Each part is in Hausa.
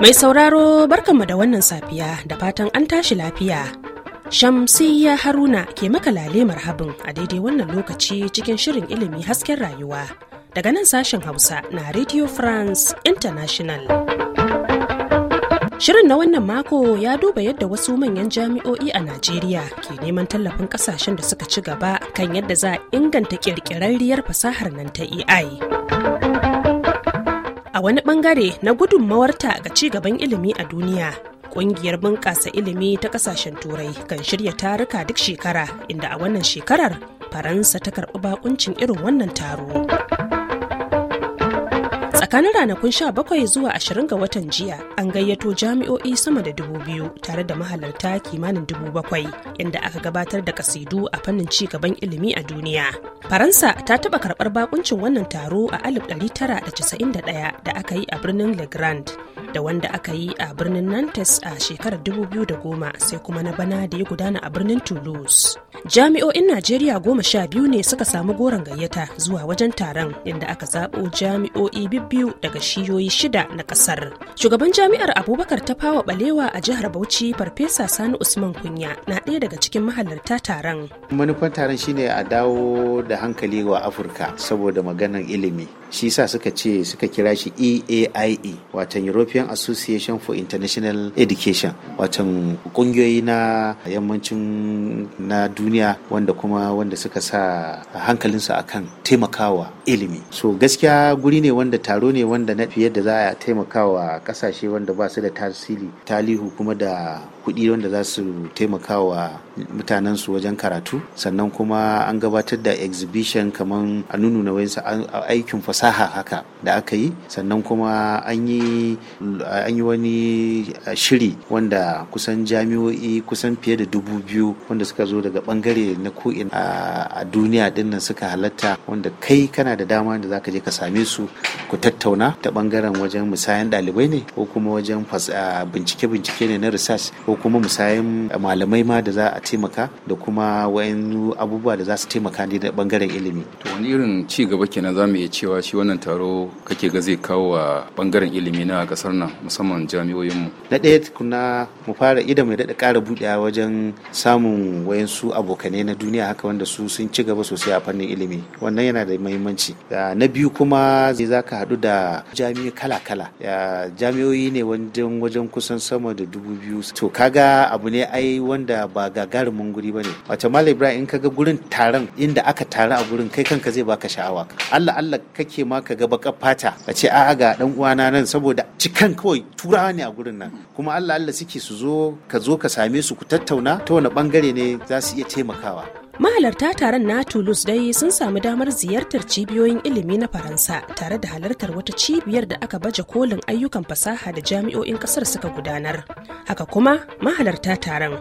Mai sauraro barkanmu da wannan safiya da fatan an tashi lafiya. Shamsiyya Haruna ke maka lale marhabin a daidai wannan lokaci cikin shirin ilimi hasken rayuwa. Daga nan sashen Hausa na Radio France International. Shirin na wannan mako ya duba yadda wasu manyan jami'o'i a Najeriya ke neman tallafin kasashen da suka ci gaba kan yadda za a inganta ƙirƙirarriyar fasahar nan ta AI. A wani bangare na gudunmawarta ga ci gaban ilimi a duniya, ƙungiyar bunƙasa ilimi ta ƙasashen turai kan shirya taruka duk shekara inda a wannan shekarar Faransa ta karɓi bakuncin irin wannan taro. tsakanin ranakun 17 zuwa 20 ga watan jiya an gayyato jami'o'i sama da dubu biyu tare da mahalarta kimanin dubu bakwai inda aka gabatar da kasidu a fannin ci gaban ilimi a duniya faransa ta taɓa karɓar bakuncin wannan taro a 1991 da aka yi a birnin le grand da wanda aka yi a birnin nantes a shekarar 2010 sai kuma na bana da ya gudana a birnin toulouse jami'o'in najeriya goma sha biyu ne suka samu goron gayyata zuwa wajen taron inda aka zaɓo jami'o'i biyu daga shiyoyi shida na kasar. Shugaban jami'ar Abubakar ta fawa balewa a jihar Bauchi Farfesa Sani Usman Kunya na ɗaya daga cikin mahalarta taron. Manufan taron shine a dawo da hankali wa Afirka saboda maganar ilimi. shi sa suka ce suka kira shi EAIE e, watan European Association for International Education watan kungiyoyi na yammacin na duniya wanda kuma wanda suka sa hankalinsu akan taimakawa ilimi so gaskiya guri ne wanda taro ne wanda na fiye da za a taimakawa kasashe wanda ba su da tasiri talihu kuma da kuɗi wanda za su taimaka wa mutanen su wajen karatu sannan kuma an gabatar da exhibition kaman a na wayansu aikin fasaha haka da aka yi sannan kuma an yi wani shiri wanda kusan jami'o'i kusan fiye da dubu biyu wanda suka zo daga bangare na ko'in a duniya dinnan suka halatta wanda kai kana da dama da zaka je ka same su ku tattauna ta bangaren wajen musayan ɗalibai ne ko kuma wajen bincike-bincike ne na research ko kuma musayin malamai ma da za a taimaka da kuma wayan abubuwa da za su taimaka ne da bangaren ilimi to wani irin ci gaba kenan za mu iya cewa shi wannan taro kake ga zai kawo wa bangaren ilimi na kasar nan musamman mu. na ɗaya kuna mu fara idan mai daɗa ƙara buɗewa wajen samun wayansu abokanai na duniya haka wanda su sun ci gaba sosai a fannin ilimi wannan yana da muhimmanci na biyu kuma zai za ka haɗu da jami'o'i kala-kala jami'o'i ne wajen wajen kusan sama da dubu biyu to kaga abu ne ai wanda ba gagarumin guri ne. wace malam ibrahim in kaga gurin taron inda aka taru a gurin kai kanka zai baka sha'awa Allah Allah kake ma kaga baka fata a ce a'a ga dan uwana nan saboda cikan kawai turawa ne a gurin nan kuma Allah Allah suke su zo ka zo ka same su ku tattauna ta wani bangare ne za su iya taimakawa mahalarta taron na toulouse dai sun samu damar ziyartar cibiyoyin ilimi na faransa tare da halartar wata cibiyar da aka baje kolin ayyukan fasaha da jami'o'in kasar suka gudanar haka kuma mahalarta taron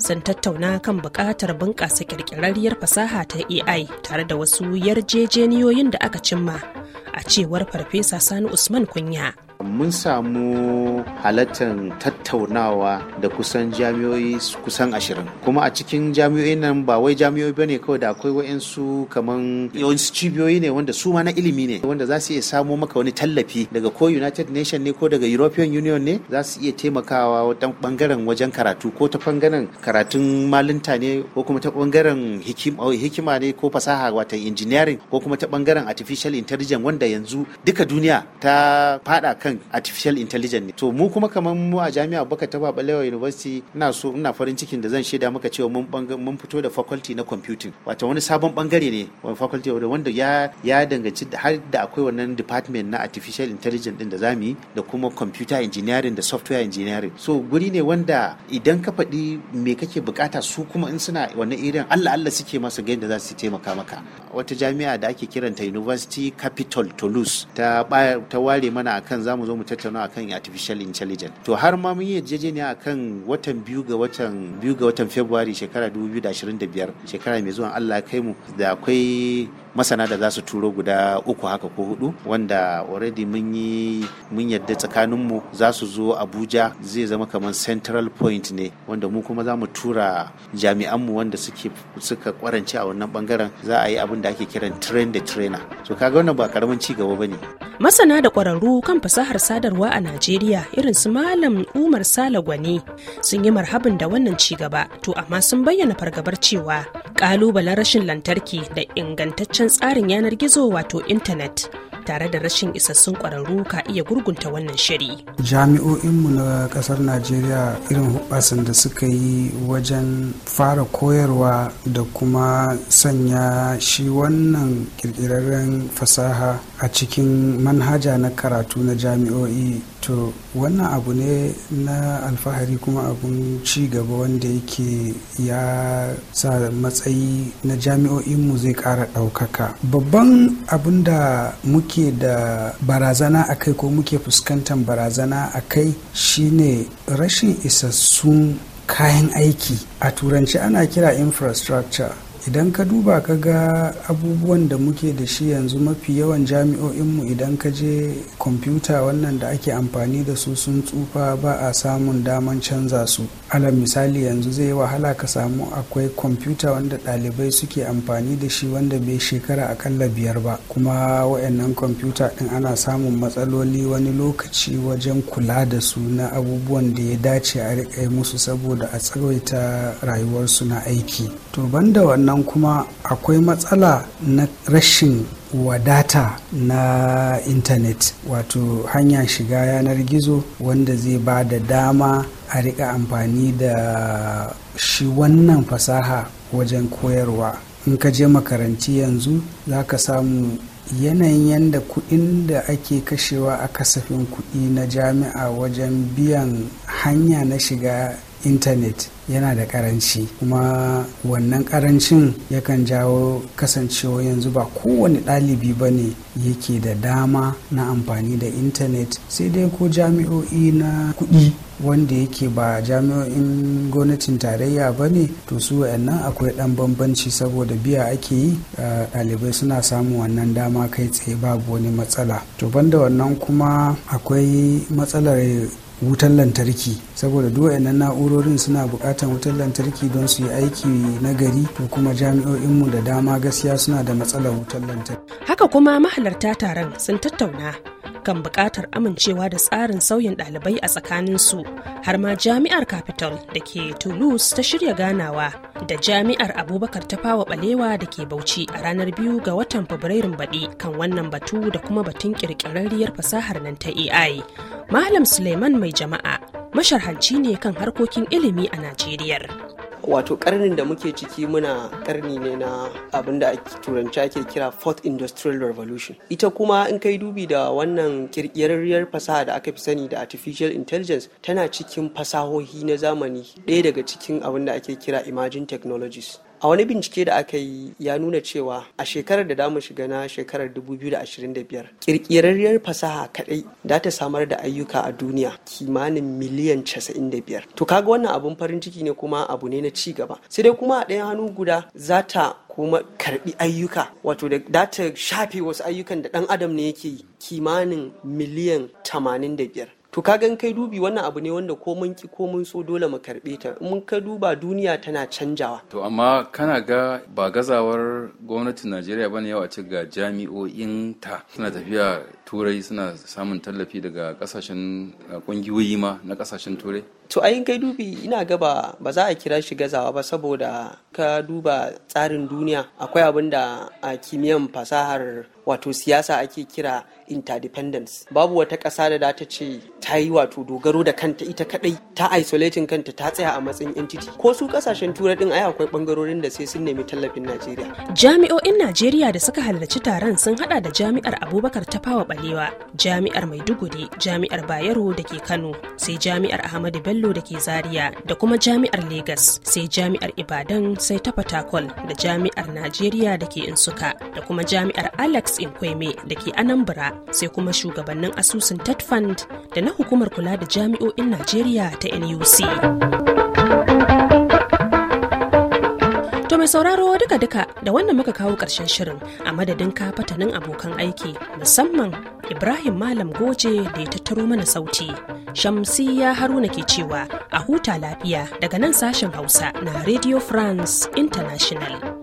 sun tattauna kan buƙatar bunƙasa ƙirƙirarriyar fasaha ta ai tare da wasu yarjejeniyoyin da aka cimma a cewar farfesa sani usman kunya mun samu halattar tattaunawa da kusan jami'oi kusan ashirin kuma a cikin jami'oi nan ba wai jami'oi bane kawai da akwai wa'insu kaman yawansu cibiyoyi ne wanda su ma na ilimi ne wanda za su iya samo maka wani tallafi daga ko united nation ne ko daga european union ne za su iya taimakawa wajen bangaren wajen karatu ko ta bangaren karatun malinta ne ko kuma ta bangaren oh, hikima ne ko fasaha wata engineering ko kuma ta bangaren artificial intelligence wanda yanzu duka duniya ta fada kan artificial intelligence ne to mu kuma kaman mu a jami'a baka ta Babalewa University ina so ina farin cikin da zan shaida maka cewa mun mun fito da faculty na computing wato wani sabon bangare ne wani faculty wanda ya ya danganci har da akwai wannan department na artificial intelligence din da zamu yi da kuma computer engineering da software engineering so guri ne wanda idan ka faɗi me kake bukata su kuma in suna wannan irin Allah Allah suke masu ga da za su taimaka maka wata jami'a da ake kiranta University Capital Toulouse ta ta ware mana akan zamu zo mu tattauna akan artificial intelligence to har ma mun yi yarjejeniya akan watan biyu ga watan biyu ga watan Fabrairu shekara 2025 shekara mai zuwa Allah kai mu da akwai masana da za su turo guda uku haka ko hudu wanda already mun yi mun yadda tsakaninmu za su zo abuja zai zama kamar central point ne wanda mu kuma za mu tura jami'anmu wanda suke suka kwarance a wannan bangaren za a yi abin da ake kiran train da trainer so kaga wannan ba karamin ci gaba bane masana da kwararru kan fasahar sadarwa a najeriya irin su malam umar sala gwani sun yi marhabin da wannan ci gaba to amma sun bayyana fargabar cewa kalubalen rashin lantarki da ingantaccen tsarin yanar gizo wato intanet tare da rashin isassun ƙwararru ka iya gurgunta wannan shiri. jami'o'inmu na ƙasar najeriya irin hubasan da suka yi wajen fara koyarwa da kuma sanya shi wannan ƙirƙirarren fasaha a cikin manhaja na karatu na jami'o'i to wannan abu ne na alfahari kuma abun ci gaba wanda yake ya sa matsayi na jami'o'inmu zai kara ɗaukaka babban abun da muke da barazana a kai ko muke fuskantar barazana a kai shine rashin isassun kayan aiki a turanci ana kira infrastructure idan ka duba ka ga abubuwan da muke da shi yanzu mafi yawan jami'o'inmu idan ka je kwamfuta wannan da ake amfani da su sun tsufa ba a samun daman canza su alal misali yanzu zai yi wahala ka samu akwai kwamfuta wanda ɗalibai suke amfani da shi wanda bai shekara akalla biyar ba kuma wayannan kwamfuta ɗin ana samun matsaloli wani lokaci wajen kula da su na abubuwan da ya dace a riƙa musu saboda a tsawaita rayuwarsu na aiki to banda wannan kuma akwai matsala na rashin wadata na intanet wato hanya shiga yanar gizo wanda zai ba da dama a riƙa amfani da shi wannan fasaha wajen koyarwa in ka je makaranci yanzu za ka samu yanayin yadda kuɗin da ake kashewa a kasafin kuɗi na jami'a wajen biyan hanya na shiga intanet yana da karanci kuma wannan karancin yakan jawo kasancewa yanzu ba kowane ɗalibi ba ne yake da dama na amfani da intanet sai dai ko jami'o'i na kuɗi wanda yake ba jami'o'in gwamnatin tarayya ba ne to su wayannan akwai ɗan bambanci saboda biya ake yi ɗalibai suna samun wannan dama kai tsaye babu wani matsala to banda wannan kuma akwai matsalar wutan lantarki saboda duk na'urorin suna bukatar wutan lantarki don su yi aiki na gari to kuma jami'o'inmu da dama gaskiya suna da matsalar wutan lantarki haka kuma mahalarta taron sun tattauna kan buƙatar amincewa da tsarin sauyin ɗalibai a tsakaninsu har ma jami'ar capital da ke toulouse ta shirya ganawa da jami'ar abubakar ta fawa balewa da ke bauchi a ranar biyu ga watan fabrairun baɗi kan wannan batu da kuma batun ƙirƙirarriyar fasahar nan ta ai malam suleiman mai jama'a masharhanci ne kan harkokin ilimi a Najeriya. wato karnin da muke ciki muna karni ne na abin da turanci ake kira fourth industrial revolution ita kuma in kai dubi da wannan kirkirarriyar fasaha da aka fi sani da artificial intelligence tana cikin fasahohi na zamani ɗaya daga cikin abin da ake kira emerging technologies a wani bincike da aka yi ya nuna cewa a shekarar da damu shiga na shekarar 2025 kirkirarriyar fasaha kadai da ta samar da ayyuka a duniya kimanin miliyan 95 to kaga wannan abun farin ciki ne kuma abu ne na ci gaba sai dai kuma a ɗayan hannu guda za ta kuma karbi ayyuka wato da ta shafe wasu ayyukan da dan adam ne yake kimanin miliyan 85 to ka gan kai dubi wannan abu ne wanda ko mun ki ko mun so dole mu karbe ta mun ka duba duniya tana canjawa to amma kana ga ba gazawar gwamnatin Najeriya bane yawa ci ga jami'o'in ta suna tafiya turai suna samun tallafi daga kasashen kungiyoyi eh, ma na kasashen turai to ayin kai dubi ina gaba ba za a kira shi gazawa ba saboda ka duba tsarin duniya akwai abin da a kimiyyar fasahar wato siyasa ake kira interdependence babu wata ƙasa da ta ce ta yi wato dogaro da kanta ita kadai ta isolating kanta ta tsaya a matsayin entity ko su kasashen turai din ai akwai bangarorin da sai sun nemi tallafin najeriya jami'o'in najeriya da suka halarci taron sun hada da jami'ar abubakar ta fawa Balewa, Jami'ar Maiduguri, Jami'ar Bayero da ke Kano, sai Jami'ar Ahmadu Bello da ke Zaria da kuma Jami'ar Legas, sai Jami'ar Ibadan sai ta Fatakol da Jami'ar Najeriya da ke Insuka da kuma Jami'ar Alex Inkweme da ke Anambra, sai kuma shugabannin asusun Ted da na hukumar kula da jami'o'in Najeriya ta NUC. mai sauraro duka-duka da wannan muka kawo ƙarshen shirin a madadin kafatanin abokan aiki musamman Ibrahim Malam Goje da ya tattaro mana sauti. Shamsiya Haruna ke cewa a huta lafiya daga nan sashen Hausa na Radio France International.